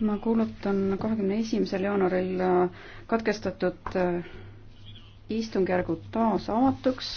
ma kuulutan kahekümne esimesel jaanuaril katkestatud äh, istungjärgu taas avatuks.